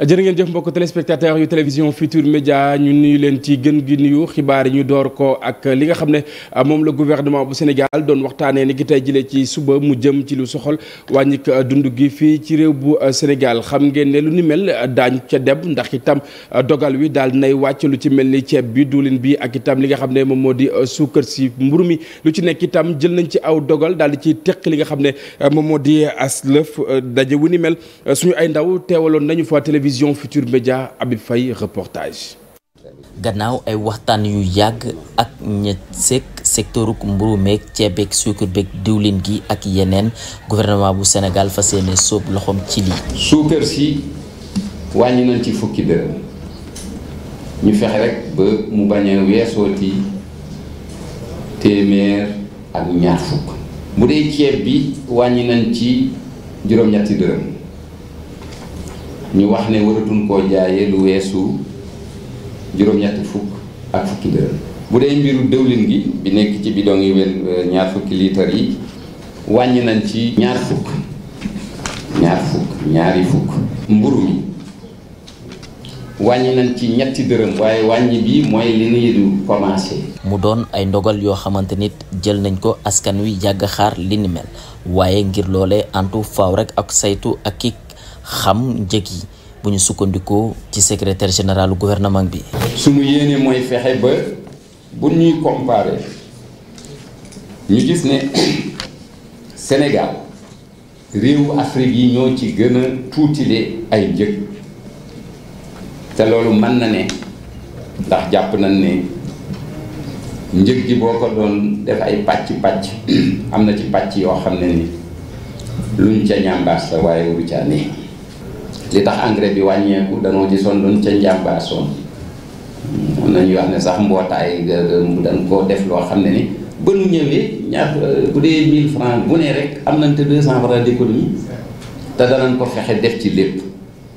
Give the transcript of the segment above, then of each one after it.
jërë ngeen jëf mbokk téléspectateur yu télévision Futur Média ñu nuyu leen ci gën gi nuyu xibaar yi ñu door ko ak li nga xam ne ah, moom la gouvernement bu Sénégal doon waxtaanee ni ki tey jëlee ci suba mu jëm ci lu soxal wàññik ah, dund gi fii ci réew bu ah, Sénégal xam ngeen ne lu ni mel daañ ca dem ndax itam dogal wi daal nay wàcc lu ci mel ni ceeb bi diwlin bi ak itam li nga xam ne moom moo di suukar si mburu mi lu ci nekk itam jël nañ ci aw dogal daal di ci téq li nga xam ne moom moo di as lëf daje wu ni mel suñu ay ndaw teewaloon nañu fa télévision Futur Média Habib Faye reportage. gannaaw ay waxtaan yu yàgg ak ña sekk secteuruk mburu meeg suukar beeg diwlin gi ak yeneen gouvernement bu Sénégal fas yéene sóob loxoom ci lii. suukar si wàññi nañ ci fukki dërëm ñu fex rek ba mu bañ a weesooti téeméer ak ñaar fukk bu dee ceeb bi wàññi nañ ci dërëm. ñu wax ne waratuñ koo jaayee lu weesu juróom-ñetti fukk ak fukki dërëm bu dee mbiru dëwlin gi bi nekk ci bidon yi wel euh, ñaar fukki nañ ci ñaar fukk ñaar fukk ñaari fukk mburu mi wàññi nañ ci ñetti dërëm waaye wàññi bi mooy li ñuy mu doon ay ndogal yoo xamante nit jël nañ ko askan wi yàgg xaar li waaye ngir loolee antu faaw rek ak saytu ak ki xam njëg yi bu ñu sukkandikoo ci secretaire général gouvernement bi. sunu yéene mooy fexe ba bu ñuy comparer ñu gis ne Sénégal réewu Afrique yi ñoo ci gën a tuutile ay njëg te loolu mën na ne ndax jàpp nañ ne njëg gi boo ko doon def ay pàcc pàcc am na ci pàcc yoo xam ne ni luñ ca ñambaas la waaye wu caa ne li tax engrais bi wàññeeku danoo gisoon luñ ca njàmbaar soon mun nañuy wax ne sax mbootaay dañ koo def loo xam ne ni ba nu ñëwee ñaar euh, bu dee 1000 francs bu ne rek am nañ te 200 francs d'économie te danañ ko fexe def ci lépp.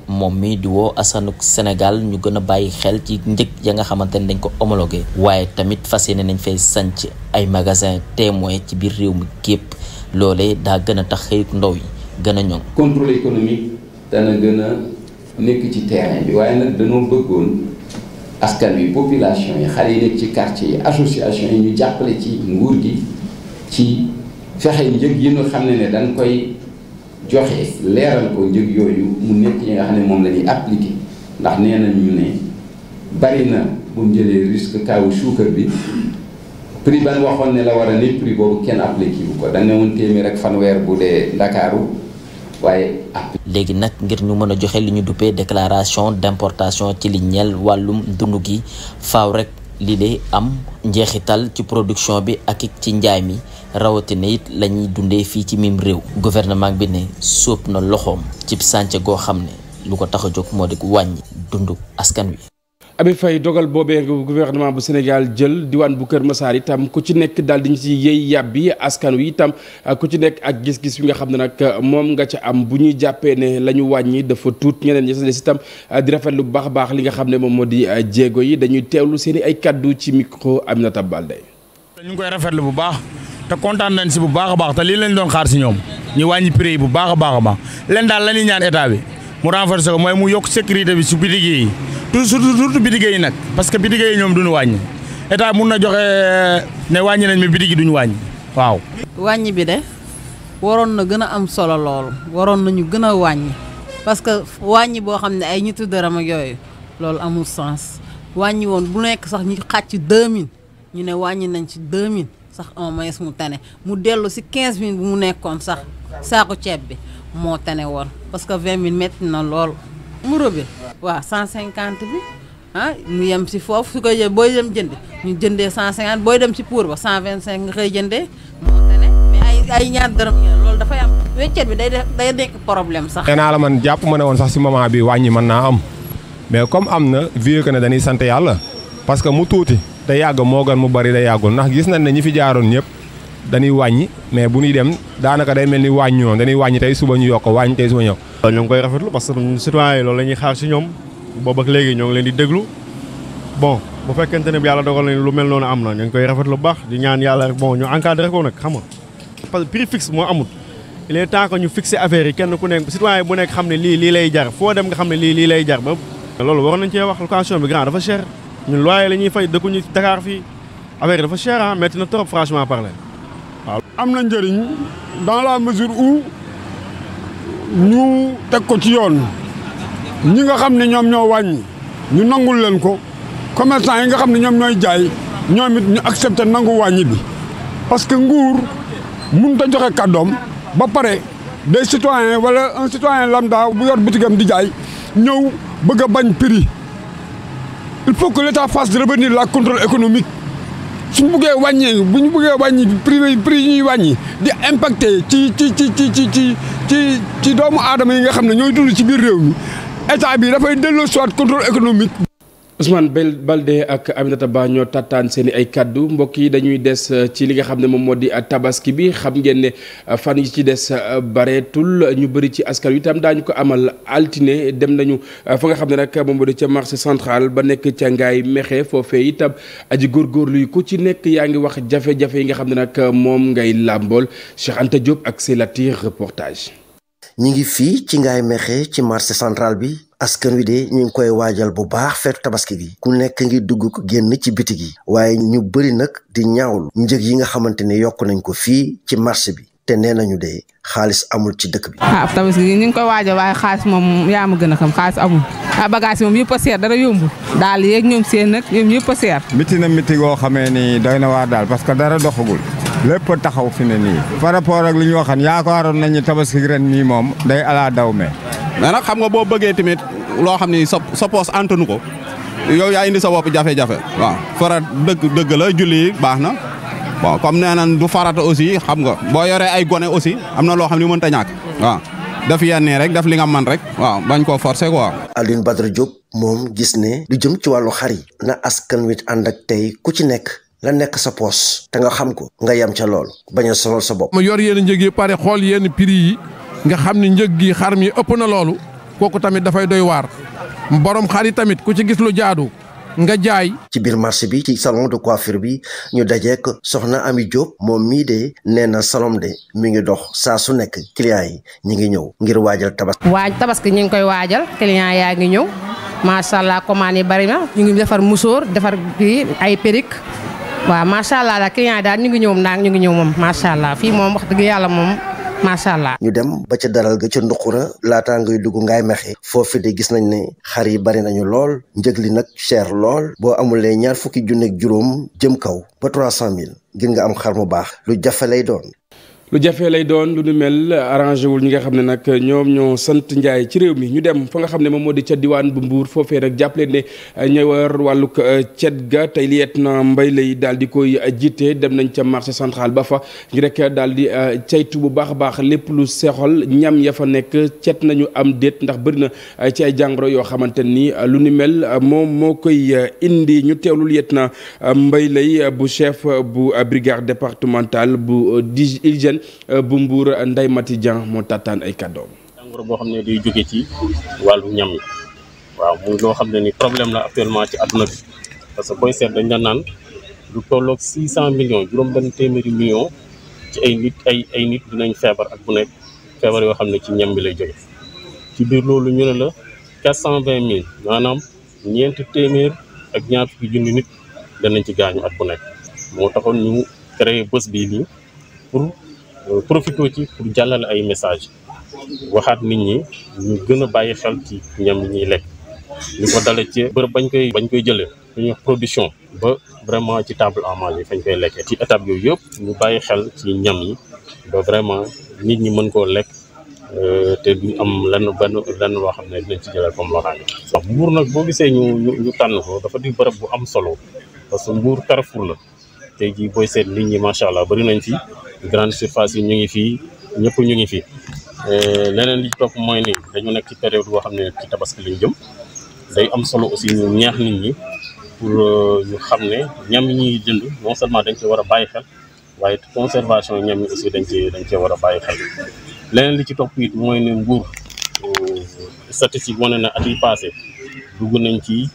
moom mii di woo asanuk Sénégal ñu gën a bàyyi xel ci njëg ya nga xamante ne dañ ko homologué waaye tamit fas ne nañ fay sanc ay magasin témoin ci biir réew mi képp loolee daa gën a tax xëyuk ndaw yi gën a ñoŋ. contrôle dana gën a nekk ci terrain bi waaye nag dañoo bëggoon askan wi population yi xale yi nekk ci kart yi association yi ñu jàppale ci nguur gi ci fexe njëg yi ñu xam ne ni dañ koy joxe leeral ko njëg yooyu mu nekk yi nga xam ne moom la ñuy appliqué ndax nee na ñu ne bari na bu mu jëlee risque kawu suukar bi prix ban waxoon ne la war a nit prix boobu kenn appliqué wu ko dañ ne woon rek fanweer bu dee Ndakaaru waaye léegi nag ngir ñu mën a joxe li ñu duppee déclaration d'importation ci li ñel wàllum dund gi faw rek li de am njeexital ci production bi ak it ci njaay mi rawatina it la ñuy dundee fii ci miim réew. gouvernement bi ne sóob na loxoom cib sance goo xam ne lu ko tax a jóg moo di wàññi dundu askan wi. Abi fay dogal boobee gouvernement bu Sénégal jël diwaan bu Kër Massar itam ku ci nekk daal di ñu ci yéey yàbbi askan wi itam ku ci nekk ak gis-gis bi nga xam ne nag moom nga ca am bu ñuy jàppee ne la ñu wàññi dafa tuut ñeneen ñi des itam di rafetlu bu baax a baax li nga xam ne moom moo di euh, jéego yi dañuy teewlu seen i ay kàddu ci micro Aminata Balde. ñu ngi koy rafetlu bu baax te kontaan nañ si bu baax a baax te lii lañ doon xaar si ñoom ñu wàññi prix bu baax baax a baax leen daal la bi. mu renforcer ko mooy mu yokk sécurité bi su bitig yi toujours surtout bitig yi nag parce que bitig yi ñoom duñu wàññi état mun na joxe euh, ne wàññi nañ mais bitig duñu wàññi waaw. wàññi bi de waroon na gën a am solo loolu waroon nañu gën a wàññi parce que wàññi boo xam ne ay ñitu dërëm ak yooyu loolu amul sens wàññi woon bu nekk sax ñu xàcc 2000 ñu ne wàññi nañ ci 2000 sax au moins mu tane mu dellu si 15000 bu mu nekkoon sax saako ceeb bi. moo tane woon parce que 20 000 na lool. muro bi waaw 150 bi ah mu yem si foofu su koy booy dem jënd ñu jëndee 150 booy dem ci pour ba 125 nga koy jëndee moo tane mais ay ay ñaar dërëm loolu dafay am weccet bi day day nekk problème sax. nee naa la man jàpp ma ne woon sax si moment bi wàññi mën naa am mais comme am na vu que ne dañuy sant yàlla parce que mu tuuti te yàgg moo gën mu bari da yàggul ndax gis nañ ne ñi fi jaaroon ñëpp. dañuy wàññi mais bu ñuy dem daanaka day mel ni wàññoo dañuy wàññi tey suba ñu yokk wàññi tey suba ñu yokk. ñu ngi koy rafetlu parce que citoyen yi loolu la ñuy xaar si ñoom boobu ak léegi ñoo leen di déglu bon bu fekkente ne bi yàlla dogal nañ lu mel noonu am na ñu ngi koy lu baax di ñaan yàlla rek bon ñu encadré ko nag xam nga parce que prix moo amut il est ñu fixé affaire yi kenn ku nekk citoyen bu nekk xam ne lii lii lay jar foo dem nga xam ne lii lii lay jar ba loolu waroon nañ cee wax location bi grand dafa cher ñun loyer la ñuy fay dëkkuñu Dakar waaw am na njëriñ dans la mesure où ñu teg ko ci yoon ñi nga xam ne ñoom ñoo wàññi ñu nangul leen ko commerçant yi nga xam ne ñoom ñooy jaay ñoom it ñu accepté nangu wàññi bi parce que nguur mun a joxe kàddoom ba pare des citoyens wala un citoyen lambda bu yor bitigam di jaay ñëw bëgg a bañ piri il faut que l'État fasse revenir la contrôle économique suñ bëggee wàññi bu ñu bëggee wàññi prix prix ñuy wàññi di impacté ci ci ci ci ci ci ci ci doomu aadama yi nga xam ne ñooy dund ci biir réew mi état bi dafay delloo soit contrôle économique Ousmane Baldé ak Aminata Ba ñoo tàttaan seen ay kàddu mbokk yi dañuy des euh, ci li nga xam ne moom moo di euh, tabaski bi xam ngeen ne euh, fan yi ci des bareetul ñu bëri ci askan wi itam daañu ko amal altine dem nañu fa nga xam ne nag moom moo di ca marché central ba nekk ca ngaay mexe foofee itam aji góorgóorlu yi ku ci nekk yaa ngi wax jafe yi nga xam ne nag moom ngay làmbool Cheikh Anta Diop ak Selatir reportage. ñi ngi fii ci ngay mexe ci marché centrale bi. askan wi de ñu ngi koy waajal bu baax feetu tabaski gi ku nekk ngi dugg ko génn ci bitig yi waaye ñu bëri nag di ñaawlu njëg yi nga xamante ni yokk nañ ko fii ci marché bi te nee nañu de xaalis amul ci dëkk bi. ah tabaski gi ñu ngi koy waajal waaye xaalis moom yaa ma gën a xam xaalis amul ah bagage moom yëpp a seer dara yombul daal yeeg ñoom seen nag ñoom yëpp a seer. miti na miti goo xamee ni doy na waar daal parce que dara doxagul. lépp taxaw fi ne nii. par nii moom day ala mais nag xam nga boo bëggee tamit loo xam ni sa sa poos antanu ko yow yaa indi sa bopp jafe-jafe waaw farat dëgg dëgg la julli baax na bon comme nee nañ du farata aussi xam nga boo yore ay gone aussi am na loo xam ni mënta tañaak waaw daf yenn rek daf li nga man rek waaw bañ koo ko quoi. Alioune Badara Diop moom gis ne lu jëm ci wàllu xar yi na askan wi ànd ak tey ku ci nekk la nekk sa poos te nga xam ko nga yem ca lool bañ a sonal sa bopp. ma yor yenn njëg nga xam ni njëg gi xar mi ëpp na loolu kooku tamit dafay doy waar boroom xar yi tamit ku ci gis lu jaadu nga jaay. ci biir marché bi ci salon de coiffure bi ñu dajeek soxna Ami Diop moom mii de nee na salon de mi ngi dox saa su nekk clients yi ñu ngi ñëw ngir waajal tabaski. waaj tabaski ñu ngi koy waajal clients yaa ngi ñëw macha allah commandes yi bari na ñu ngi defar musóor defar bi ay périk waaw macha allah clients daal ñu ngi ñëw naan ñu ngi ñëw moom macha allah fii moom wax dëgg yàlla moom. macha allah. ñu dem ba ca daral ga ca nduqura laataa ngay dugg ngaay mexe foofu de gis nañ ne xar yi bari nañu lool njëg li nag cher lool boo amulee ñaar fukki junneeg juróom jëm kaw ba trois cent mille ngir nga am xar mu baax lu jafe lay doon lu jafe lay doon lu nu mel arrangé wul ñi nga xam ne nag ñoom ñoo sant njaay ci réew mi ñu dem fa nga xam ne moom moo di ca diwaan bu mbuur foofee nag jàpp leen ne ñëwar wàllug euh, cet ga tey liet na mbay lay daal di koy euh, jiite dem nañ ca marché central ba fa rek daal di euh, caytu bu baax a baax lépp lu seexol ñam ya nekk cet nañu am déet ndax bëri na ci jàngoro yoo xamante ni lu nu mel moom moo koy indi ñu teewlu liet na mbay lay bu chef bu brigade départementale bu di urbaine euh, bu Mbour Ndeye Mati moo tàttaan ay kàddoom. jàngoro boo xam ne day jóge ci wàllu ñam yi waaw mu loo xam ne ni problème la actuellement ci àdduna bi parce que booy seet dañ la naan lu tolloog 600 millions juróom-benn téeméeri millions ci ay nit ay ay nit dinañ feebar ak bu nekk feebar yoo xam ne ci ñam bi lay jóge ci biir loolu ñu ne la 420 mille maanaam ñeenti téeméer ak ñaar fukki junni nit danañ ci gaañu ak bu nekk moo taxoon ñu créé bés bii nii pour. Euh, profité ci pour jàllale ay message waxaat nit ñi ñu gën a bàyyi xel ci ñam yi ñuy lekk li ko dale ci bërëb bañ koy bañ koy jëlee ñu production ba vraiment ci table à manger fañ koy lekkee ci étape yooyu yëpp ñu bàyyi xel ci ñam yi ba vraiment nit ñi mën koo lekk euh, te duñ am lenn benn lenn loo xam ne dinañ ci jëlee comme loraange sax mbuur nag boo gisee ñu ñu tànn ko dafa di bërëb bu am solo parce que mbuur carrefour la tey jii booy seet nit ñi macha allah bëri nañ fi grande surface yi ñu ngi fii ñëpp ñu ngi fi euh, leneen li topp mooy ni dañu nekk ci période boo xam ne ci tabaski lañ jëm day am solo aussi ñu ñaax nit ñi pour euh, ñu xam ne ñam yi ñuy jënd non seulement dañ ci war a bàyyi xel waaye conservation ñam yi aussi dañ ci dañ cee war a bàyyi xel leneen li ci topp it mooy ne nguur euh, statistique wane na at yi passé dugg nañ ci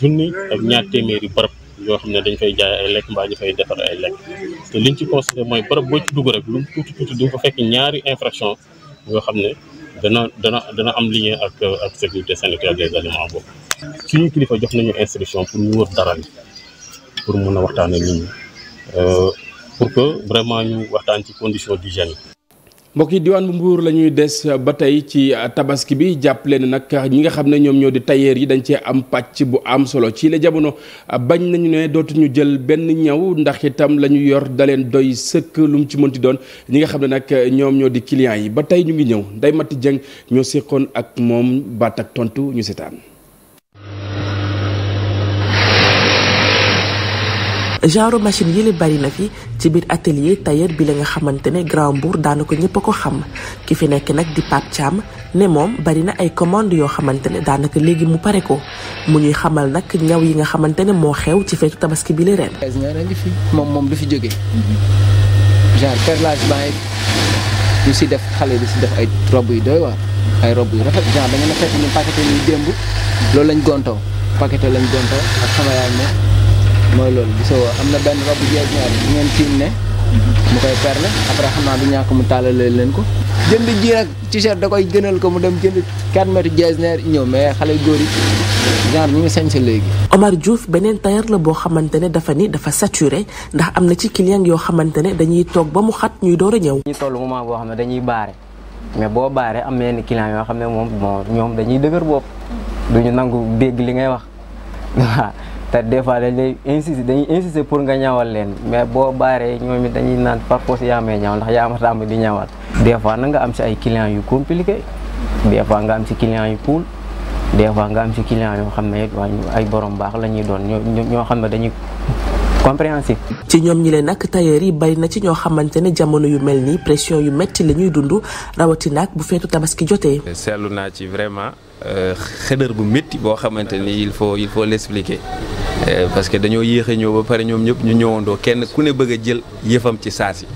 junni ak ñaar téeméeri barab yoo xam ne dañ fay jaay ay lekk mbaa ñu fay defar ay lekk te liñ ci constaté mooy bërëb boo ci dugg rek lu fa fekk ñaari infraction yoo xam ne dana dana dana am lien ak ak sécurité sanitaire des aliments boobu ñu kilifa jox nañu instruction pour ñu wër dara li pour mun a waxtaan ak nit euh, pour que vraiment ñu waxtaan ci condition d'hygiène yi mbokk yi diwaan bu mbuur la ñuy des ba tey ci tabaski bi jàpp leen nag ñi nga xam ne ñoom ñoo di tailleur yi dañ cee am pàcc bu am solo ci la jamono bañ nañu ne dootuñu jël benn ñaw ndax itam la ñu yor da leen doy sëkk lu mu ci mënti doon ñi nga xam ne nag ñoom ñoo di clients yi ba tey ñu ngi ñëw Ndeye Mati Dieng ñoo seqoon ak moom baat ak tontu ñu seetaan. genre machine yi li bari na fi ci biir atelier tailleur bi la nga xamante ne Grand Mbour daanaka ñëpp a ko xam ki fi nekk nag di Pape caam ne moom bari na ay commande yoo xamante ne daanaka léegi mu pare ko mu ñuy xamal nag ñaw yi nga xamante ne moo xew ci feetu tabaski bi la ren. ngi fi moom moom du fi jóge genre perlage baa ñu si def xale bi si def ay rob yu doy waar ay rob yu rafet genre da ngeen a fekk ñu paqueté loolu lañ gontoo paqueté lañ gontoo ak sama yaay mooy loolu gisoo am na benn robu jeeg ñaar bu ngeen tiim ne mu koy perle après xam naa du ñàkk mu tàllalee leen ko jënd ji nag t-shirt koy gënal ko mu dem jënd 4 mètres jeesneer ñëw mais xale góor yi genre ñu ngi sañ sa léegi. Omar Diouf beneen tailleur la boo xamante ne dafa ni dafa saturé ndax am na ci client yoo xamante ne dañuy toog ba mu xat ñuy door a ñëw. ñu toll moment boo xam ne dañuy baare mais boo baaree am na ni client yoo xam ne moom moo ñoom dañuy dëgër bopp duñu nangu dégg li ngay wax waaw. te des fois dañ lay insister dañuy pour nga ñawal leen mais boo baaree ñoom it dañuy naan par force yaa may ñawal ma tàmm di ñawal. des fois na nga am si ay clients yu compliqué des fois nga am si clients yu cool des fois nga am si clients yoo xam ne ay borom mbaax la ñuy doon ñoo ñoo xam ne dañuy. compréhensif. ci ñoom ñi leen nag tailleur yi bari na ci ñoo xamante ne jamono yu mel nii pression yu metti la ñuy dund rawatina ak bu feetu tabaski jotee. seetlu naa ci vraiment euh, xëdër bu métti boo xamante ni il faut il faut l'expliquer Euh, parce que dañoo yéex a ñëw ba pare ñoom ñëpp ñu ñëwandoo kenn ku ne bëgg a jël yëfam ci saa si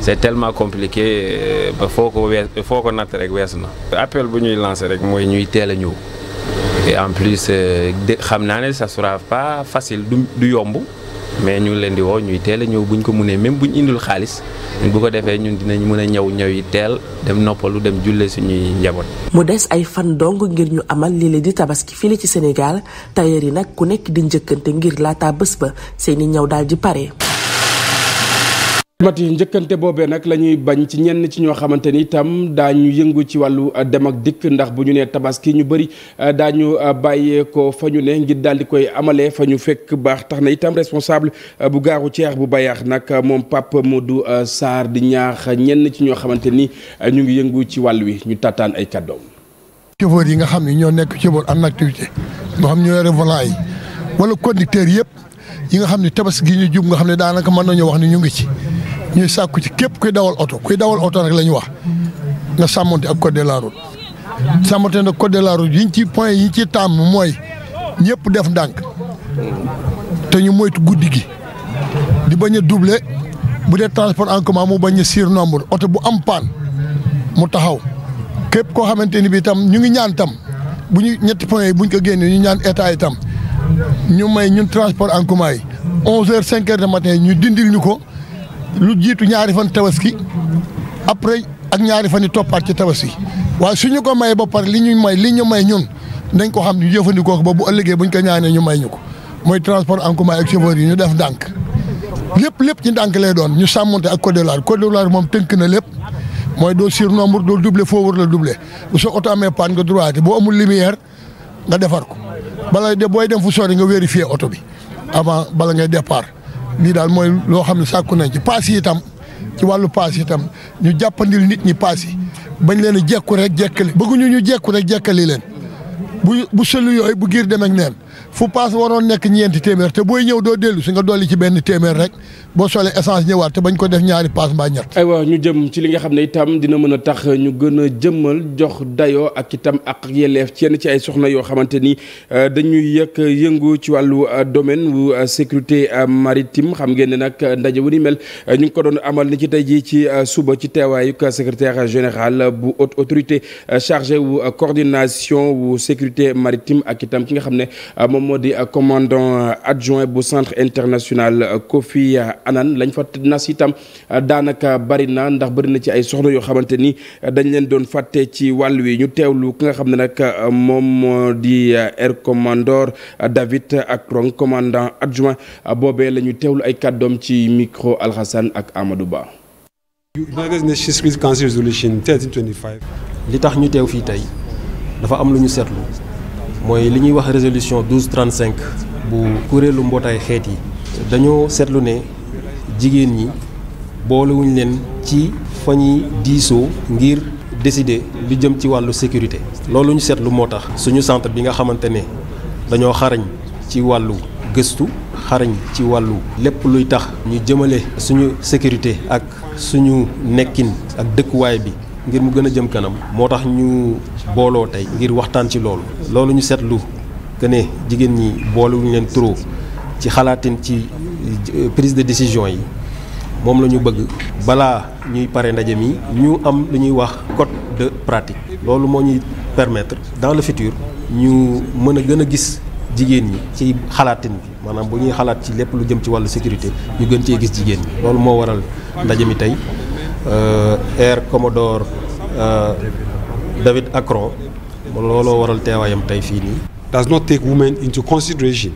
c'est tellement compliqué euh, ba foo ko wees foo ko natt rek wees na. appel bu ñuy lancer rek mooy ñuy teel a ñëw en plus euh, xam naa ne sa sera pas facile du du yomb. mais ñu ngi leen di woo ñuy teel a ñëw bu ñu ko mënee même bu ñu indul xaalis bu ko defee ñun dinañ mën a ñëw ñëw yi teel dem noppalu dem julle suñuy njaboot. mu des ay fan dong ngir ñu amal lii di tabaski fii ci Sénégal tailleur yi nag ku nekk di njëkkante ngir laata bés ba seeni ñaw daal di pare. mat yi njëkkante boobee nag lañuy bañ ci ñenn ci ñoo xamante ni itam daa ñu yëngu ci wàllu euh, dem ak dikk ndax bu ñu nee tabaski ñu bëri euh, daañu euh, bàyyee fa ñu ne ngir daal di koy amalee fa ñu fekk baax tax na itam responsable bu gaaru ceex bu bayaax nag moom Pape Modou Sarr di ñaax ñenn ci ñoo xamante ni ñu ngi yëngu ci wàll wi ñu tàttaan ay kàddoom. chauffeur yi nga xam ne ñoo nekk chauffeur en activité moo xam ñoo yore yi wala conducteur yëpp yi nga xam ne tabaski gi ñu jub nga xam ne daanaka mën nañoo wax ni ñu ngi ci. ñuy sàkku ci képp kuy dawal oto kuy dawal oto rek la ñu wax nga sàmmante ak code de la route. sàmmante nag code de ci point yiñ ci tàmm mooy ñëpp def ndànk te ñu moytu guddi gi di bañ a doubler bu dee transport en commun mu bañ a siir nombre oto bu am paan mu taxaw képp koo xamante ni bi tam ñu ngi ñaan tam bu ñu ñetti point yi bu buñ ko génnee ñu ñaan état yi tam ñu may ñun transport en commun yi onze heures cinq de matin ñu dindil ñu ko. lu jiitu ñaari fan tabaski après ak ñaari fan yi toppaat ci tabaski waaye su ñu ko mayee ba par li ñu may li ñu may ñun dañ ko xam ñu jëfandikoo ko ba bu ëllëgee buñ ko ñaanee ñu may ñu ko mooy transport en commun ak chauffeur ñu def ndànk lépp lépp ci ndànk lay doon ñu sàmmonte ak code de l'art code moom tënk na lépp mooy doo surnombre doo duble foo war la duble bu soo oto amee panne nga droité boo amul lumière nga defar ko bala de booy dem fu sori nga vérifier oto bi avant bala ngay départ lii daal mooy loo xam ne sàkku nañ ci paas yi ci wàllu paas yi itam ñu jàppandil nit ñi paas yi bañ leen a jekku rek jekkali bëgguñu ñu jekku rek jekkali leen bu bu sëlu yooyu bu giir dem ak neen fu paas waroon nekk ñeenti téeméer te booy ñëw doo dellu si nga dolli ci benn téeméer rek boo solee essence ñëwaat te bañ ko def ñaari paas mbaa ay aywa ñu jëm ci li nga xam ne itam dina mën a tax ñu gën a jëmmal jox dayoo ak itam ak yelleef ci yenn ci ay soxna yoo xamante ni euh, dañuy yëkk yëngu ci wàllu euh, domaine wu euh, sécurité maritime xam ngeen ne nag ndaje wu ni mel ñu ngi ko doon amal ni ci tey jii ci suba ci teewaayuk secrétaire général bu haute autorité chargé wu coordination sécurité maritime ak ki nga xam ne. moom moo di commandant euh, adjoint bu centre international euh, Kofi Annan lañ fa nas itam euh, daanaka bari na ndax bari na ci ay soxla yoo xamante ni dañ leen doon fàtte ci wàll wi ñu teewlu ki nga xam ne nag moom moo di air commandeur David Akron commandant adjoint boobee la ñu teewlu ay kàddoom ci micro Alhassane ak Amadou Ba. li tax ñu teew fi tey dafa am lu ñu seetlu. mooy li ñuy wax résolution 1235 bu kuréelu mbootaay xeet yi dañoo seetlu ne jigéen ñi boolewuñ leen ci fa ñuy diisoo ngir décider lu jëm ci wàllu sécurité loolu ñu seetlu moo tax suñu centre bi nga xamante ne dañoo xarañ ci wàllu gëstu xarañ ci wàllu lépp luy tax ñu jëmale suñu sécurité ak suñu nekkin ak dëkkuwaay bi ngir mu gën a jëm kanam moo tax ñu booloo tey ngir waxtaan ci loolu loolu ñu seetlu que ne jigéen ñi boolu leen trop ci xalaatin ci prise de décision yi moom la ñu bëgg balaa ñuy pare ndaje mi ñu am lu ñuy wax code de pratique loolu moo ñuy permettre dans le futur ñu mën a gën a gis jigéen ñi ci xalaatin bi maanaam bu ñuy xalaat ci lépp lu jëm ci wàllu sécurité ñu gën cee gis jigéen ñi loolu moo waral ndaje mi tey Euh, Air Commodore euh, David Akron looloo waral teewaayam tey fii nii. does not take women into consideration.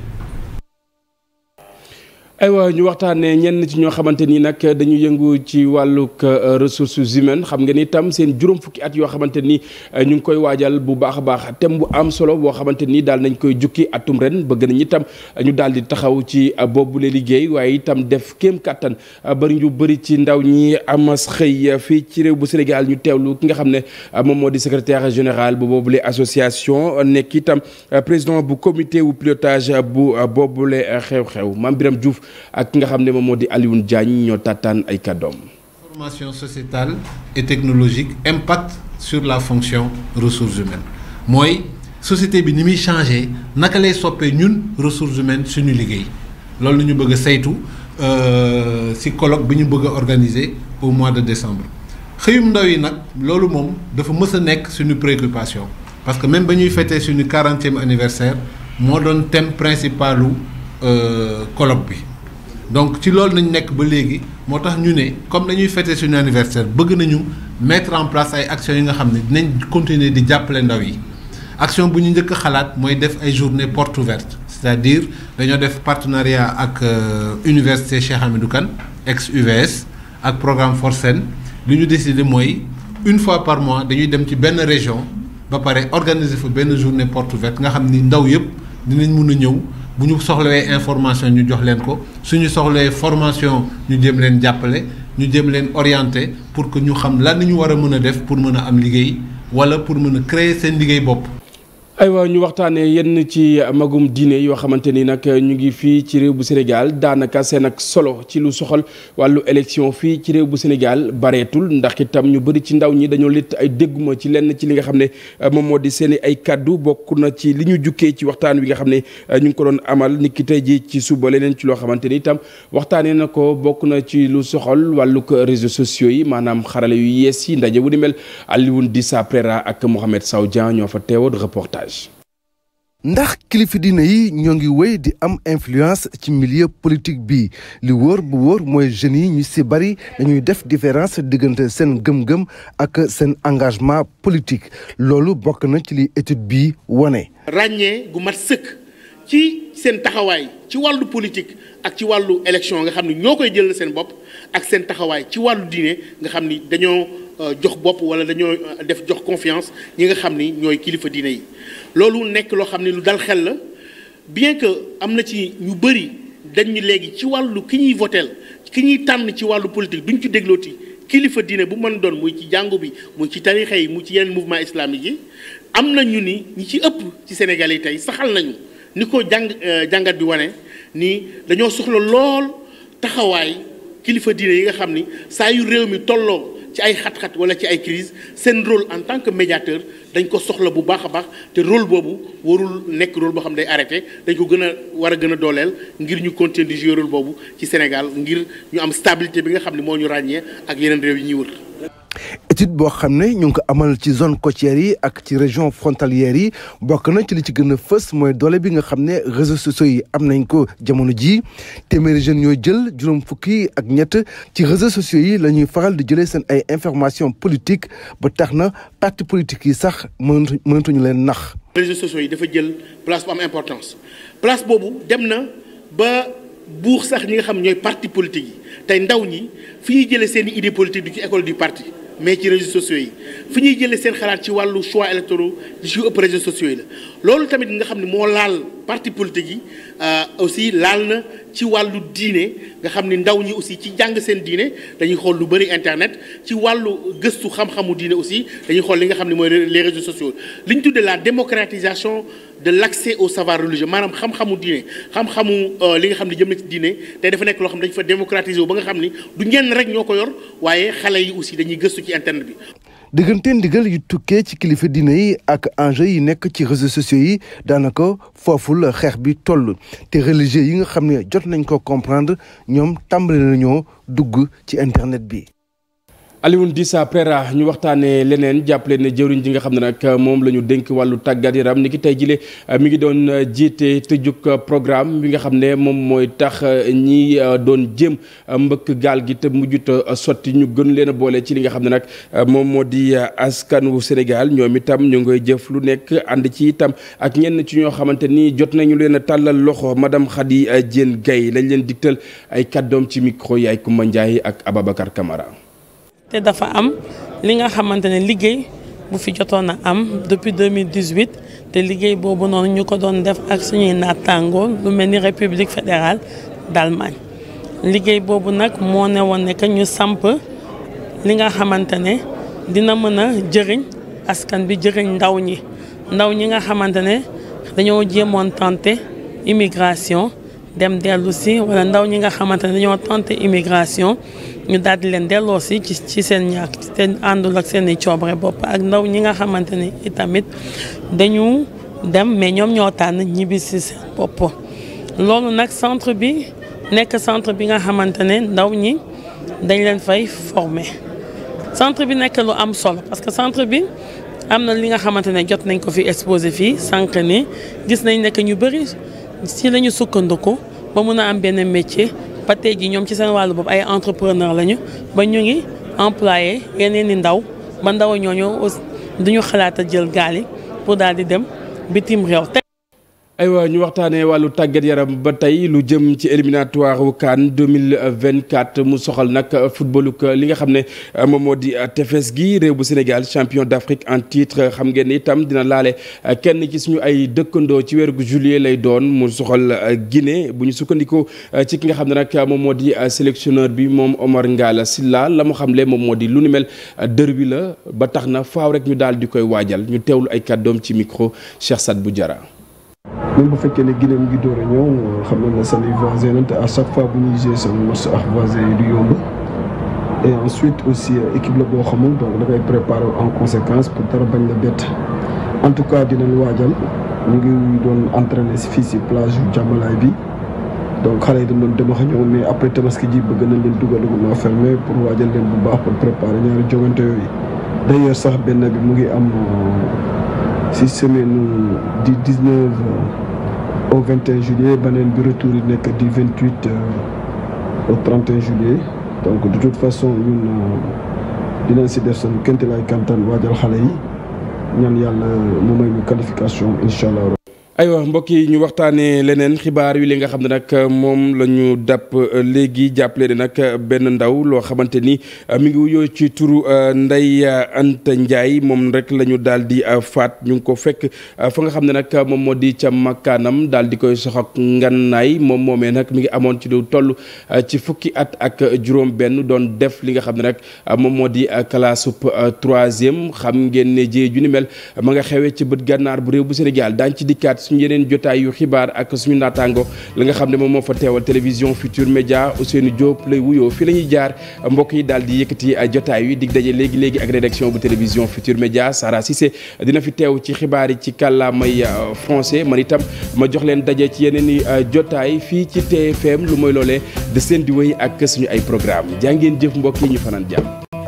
aywa ñu waxtaanee ñenn ci ñoo xamante nii nag dañu yëngu ci wàllug euh, ressources humaines xam nga ni itam seen juróom fukki at yoo xamante nii euh, ñu ngi koy waajal bu baax a baax thème bu am solo boo xamante nii daal nañ koy jukki atum ren bëgg nañ itam euh, ñu daal di taxaw ci boobule liggéey waaye itam def kem kattan bari ñu bëri ci ndaw ñi amas xëy fii ci réew bu Sénégal ñu teewlu ki nga xam ne moom moo di secretaire général bu boobu lee association nekk itam président bu comité wu bu boobule xew-xew Mame Biram Diouf ak ki nga xam ne moom moo di Alioune Diagne ñoo tàttaan ay kàddoom. formation sociétale et technologique impact sur la fonction ressources humaines mooy société bi ni muy changé naka lay soppee ñun ressources humaines suñu liggéey loolu la ñu bëgg a saytu euh, ci colloque bi ñu bëgg a organiser au mois de décembre. xëyum ndaw yi nag loolu moom dafa mës a nekk suñu préoccupation parce que même ba ñuy fêter suñu quarantième anniversaire moo doon thème principalu euh, colloque bi. donc ci loolu nañ nekk ba léegi moo tax ñu ne comme dañuy fêter suñu anniversaire bëgg nañu mettre en place ay actions yi nga xam ne dinañ continuer di jàppale ndaw yi action bu ñu njëkk xalaat mooy def ay journée porte ouverte c'est-à-dire dañoo def partenariat ak euh, université Cheikh Hamidou Kane ex UVS ak programme Forsen li ñu décidé mooy une fois par mois dañuy dem ci benn région ba pare organiser fa benn journée porte ouverte nga xam ni ndaw yëpp dinañ mun a ñëw. bu ñu soxlawee information ñu jox leen ko suñu soxlawee formation ñu jëm leen jàppale ñu jëm leen orienté pour que ñu xam lan la ñu war a mën a def pour mën a am liggéey wala pour mën a créer seen liggéey bopp ay aywa ñu waxtaanee yenn ci magum diine yoo xamante ni nag ñu ngi fii ci réew bu Sénégal daanaka seen ak solo ci lu soxal wàllu élection fii ci réew bu Sénégal bareetul ndax itam ñu bëri ci ndaw ñi dañoo létt ay dégguma ci lenn ci li nga xam ne euh, moom moo di seen ay kàddu bokk na ci li ñu jukkee ci waxtaan wi nga xam ne euh, ñu ngi ko doon amal ni ki tey ji ci suba leneen ci loo xamante ni itam waxtaanee na ko bokk na ci lu soxal wàllug réseaux sociaux yi maanaam xarale yu yees yi ndaje wu ni mel Alioune Dissa Prera ak Mohamed Saw Dieng ñoo ndax kilifa diine yi ñoo ngi wéy di am influence ci milieu politique bi li wóor bu wóor mooy jeunes yi ñu si bari dañuy def différence diggante seen gëm-gëm ak seen engagement politique loolu bokk na ci li étude bi wane. ràññee gu mat sëkk ci seen taxawaay ci wàllu politique ak ci wàllu élection nga xam ni ñoo koy jël seen bopp ak seen taxawaay ci wàllu diine nga xam ni dañoo euh, jox bopp wala dañoo euh, def jox confiance ñi nga xam ni ñooy kilifa diine yi. loolu nekk loo xam ne lu dal xel la bien que am na ci ñu bëri dañ léegi ci wàllu ki ñuy votel ki ñuy tànn ci wàllu politique duñ ci déglooti kilifa diine bu mën doon muy ci jàngu bi muy ci tarixa yi mu ci yenn mouvement islamique yi am na ñu ni ñi ci ëpp ci Sénégal yi tey saxal nañu ni ko jàng euh, jàngat bi wane ni dañoo soxla lool taxawaay kilifa diine yi nga xam ni saa yu réew mi tolloo. ci ay xat-xat wala ci ay crise seen rôle en tant que médiateur dañ ko soxla bu baax a baax te rôle boobu warul nekk rôle boo xam day arrêté dañ ko gën a war a gën a dooleel ngir ñu continuer di jouer rôle boobu ci Sénégal ngir ñu am stabilité bi nga xam ne moo ñu ràññee ak yeneen réew yi ñuy wër. étude boo xam ne ñu ngi ko amal ci zone côtière yi ak ci région frontalière yi bokk na ci li ci gën a fës mooy doole bi nga xam ne réseaux sociaux yi am nañ ko jamono jii téeméeri jeunes ñoo jël juróom fukki ak ñett ci réseaux sociaux yi la ñuy faral di jëlee seen ay information politique ba tax na parti politique yi sax mënatu mënatuñu leen nax. réseaux sociaux yi dafa jël place bu am importance place boobu dem na ba. buur sax ñi nga xam ñooy parti politique tey ndaw ñi fi ñuy jëlee seen i idée politique école du parti mais ci réseaux sociaux yi fi ñuy jëlee seen xalaat ci wàllu choix électoraux li ci ëpp réseaux sociaux yi la loolu tamit nga xam ne moo laal parti politique yi euh, aussi laal na ci wàllu diine nga xam ni ndaw ñi aussi ci jàng seen diine dañuy xool lu bëri internet ci wàllu gëstu xam-xamu diine aussi dañuy xool li nga xam ne mooy les réseaux sociaux li ñu tuddee la démocratisation de l' au savoir religieux maanaam xam-xamu diine xam-xamu euh, li nga xam ne jëm na ci diine tey dafa nekk loo xam ne dañu fa démocratiser ba nga xam ni du ñenn rek ñoo ko yor waaye xale yi dañuy gëstu ci internet bi diggante ndigal yu tukkee ci kilifa diine yi ak enjeu yi nekk ci réseaux sociaux yi daanaka foofu la xeex bi toll te religieux yi nga xam ne jot nañ ko comprendre ñoom tàmbali nañoo dugg ci internet bi. Alioune Dissa Préra ñu waxtaanee leneen jàppale ne jëwriñ ji nga xam ne nag moom la ñu dénk wàllu tàggat yaram ni ki tey jile euh, mi ngi doon euh, jiite tëjuk euh, programme bi nga xam ne moom mooy tax ñi doon jéem mbëkk gaal gi te mujjut sotti ñu gën leen a boole ci li nga xam ne nag moom moo di askanu Sénégal ñoom itam ñu ngoy jëf lu nekk ànd ci itam ak ñenn ci ñoo xamante nii jot nañu leen a tàllal loxo madame Khady Diène Gaye lañ leen digtal ay kàddoom ci micro yi ay Kumba ak Ababacar Camara. te dafa am li nga xamante ne liggéey bu fi jotoon a am depuis 2018 te liggéey boobu noonu ñu ko doon def ak suñuy naataangoo lu mel ni république fédérale d'Allemagne liggéey boobu nag moo ne woon ne que ñu samp li nga xamante ne dina mën a jëriñ askan bi jëriñ ndaw ñi ndaw ñi nga xamante ne dañoo jéemoon tenté immigration dem dellu si wala ndaw ñi nga xamante ne dañoo tenté immigration ñu daal di leen delloo si ci ci seen ñàkk te àndul ak seen i coobare bopp ak ndaw ñi nga xamante ne itamit dañu dem mais ñoom ñoo tànn ñibbi si seen bopp. loolu nag centre bi nekk centre bi nga xamante ne ndaw ñi dañ leen fay former centre bi nekk lu am solo parce que centre bi. am na li nga xamante ne jot nañ ko fi exposé fii sànq ni gis nañ nekk ñu bëri si lañu sukkandiku ba mun a am benn métier ba tey jii ñoom ci seen wàllu boobu ay entrepreneur lañu ba ñu ngi employé yeneen ni ndaw ba ndaw ñooñu dañu xalaat a jël gaali pour daal di dem bitim réew. aywa ñu waxtaanee wàllu tàgget yaram ba tey lu jëm ci éliminatoire wu CAN 2024 mu soxal nag footballu li nga xam ne euh, moom moo di euh, tefes gi réew bu Sénégal champion d'Afrique en titre xam ngeen itam dina laale euh, kenn ci suñu ay dëkkandoo ci weeru juillet lay doon mu soxal Guinée bu ñu sukkandikoo ci ki nga xam ne nag moom moo di sélectionneur bi moom Omar Ngalla Sylla la mu xam xamle moom moo di lu ni mel derby la ba tax na faaw rek ñu daal di koy waajal ñu teewlu ay kàddoom ci micro Cheikh Sadibou Diarra même bu fekkee ne Guinée mu ngi door a ñëw xam nañ ne seen i voisins lañ à chaque fois bu ñuy jouer seen match ak voisins yi du yomb. ensuite aussi euh, équipe la boo xamul donc da ngay préparer en conséquence pour dara bañ la bett en tout cas dina dinañ waajal mu ngi doon entraîner fii si plage yu jàmmalaay bi. donc xale yi dañ doon dem ak ñoom mais après tabaski ji bëgg nañ leen dugal ma fermé pour waajal leen bu baax pour préparer ñaari jogante yooyu d'ailleurs sax benn bi mu ngi am. si semaine du 19 au 21 juillet beneen bi retour yi nekk di 28 euh, au 31 juillet donc de toute façon ñun euh, dinañ si def seen kéemtalaay kattan waajal xale yi ñaan yàlla mu may ñu qualification incha allah. aywa mbokk yi ñu waxtaanee leneen xibaar wi li nga xam ne nag euh, moom la ñu dàpp euh, léegi jàppale ne nag euh, benn ndaw loo xamante ni mi ngi wuyoo ci turu Ndeye Anta Ndiaye moom rek la ñu daal di faat ñu ngi ko fekk fa nga xam ne nag moom moo di ca makkaanam daal di koy sox ak ngannaay moom moomee nag mi ngi amoon ci lu toll ci fukki at ak juróom-benn doon def li nga xam ne nag moom moo di kalaasu xam ngeen ne jee ju ni mel ma nga xewee ci bët gànnaar bu réew bu suñu yeneen jotaay yu xibaar ak suñu naataango la nga xam ne moom moo fa teewal télévision Futur Média Ousseynou Diop lay wuyoo fi la ñuy jaar mbokk yi daal di yëkkati jotaay yi dig daje léegi léegi ak rédaction bu télévision Futur Média Sara Cissé dina fi teew ci xibaar yi ci kàllaamay euh, français man itam ma jox leen daje ci yeneen i euh, jotaay fii ci TFM lu may loolee de seen di wéy ak suñu ay programme jàngeen jëf mbokk yi ñu fanaan jàmm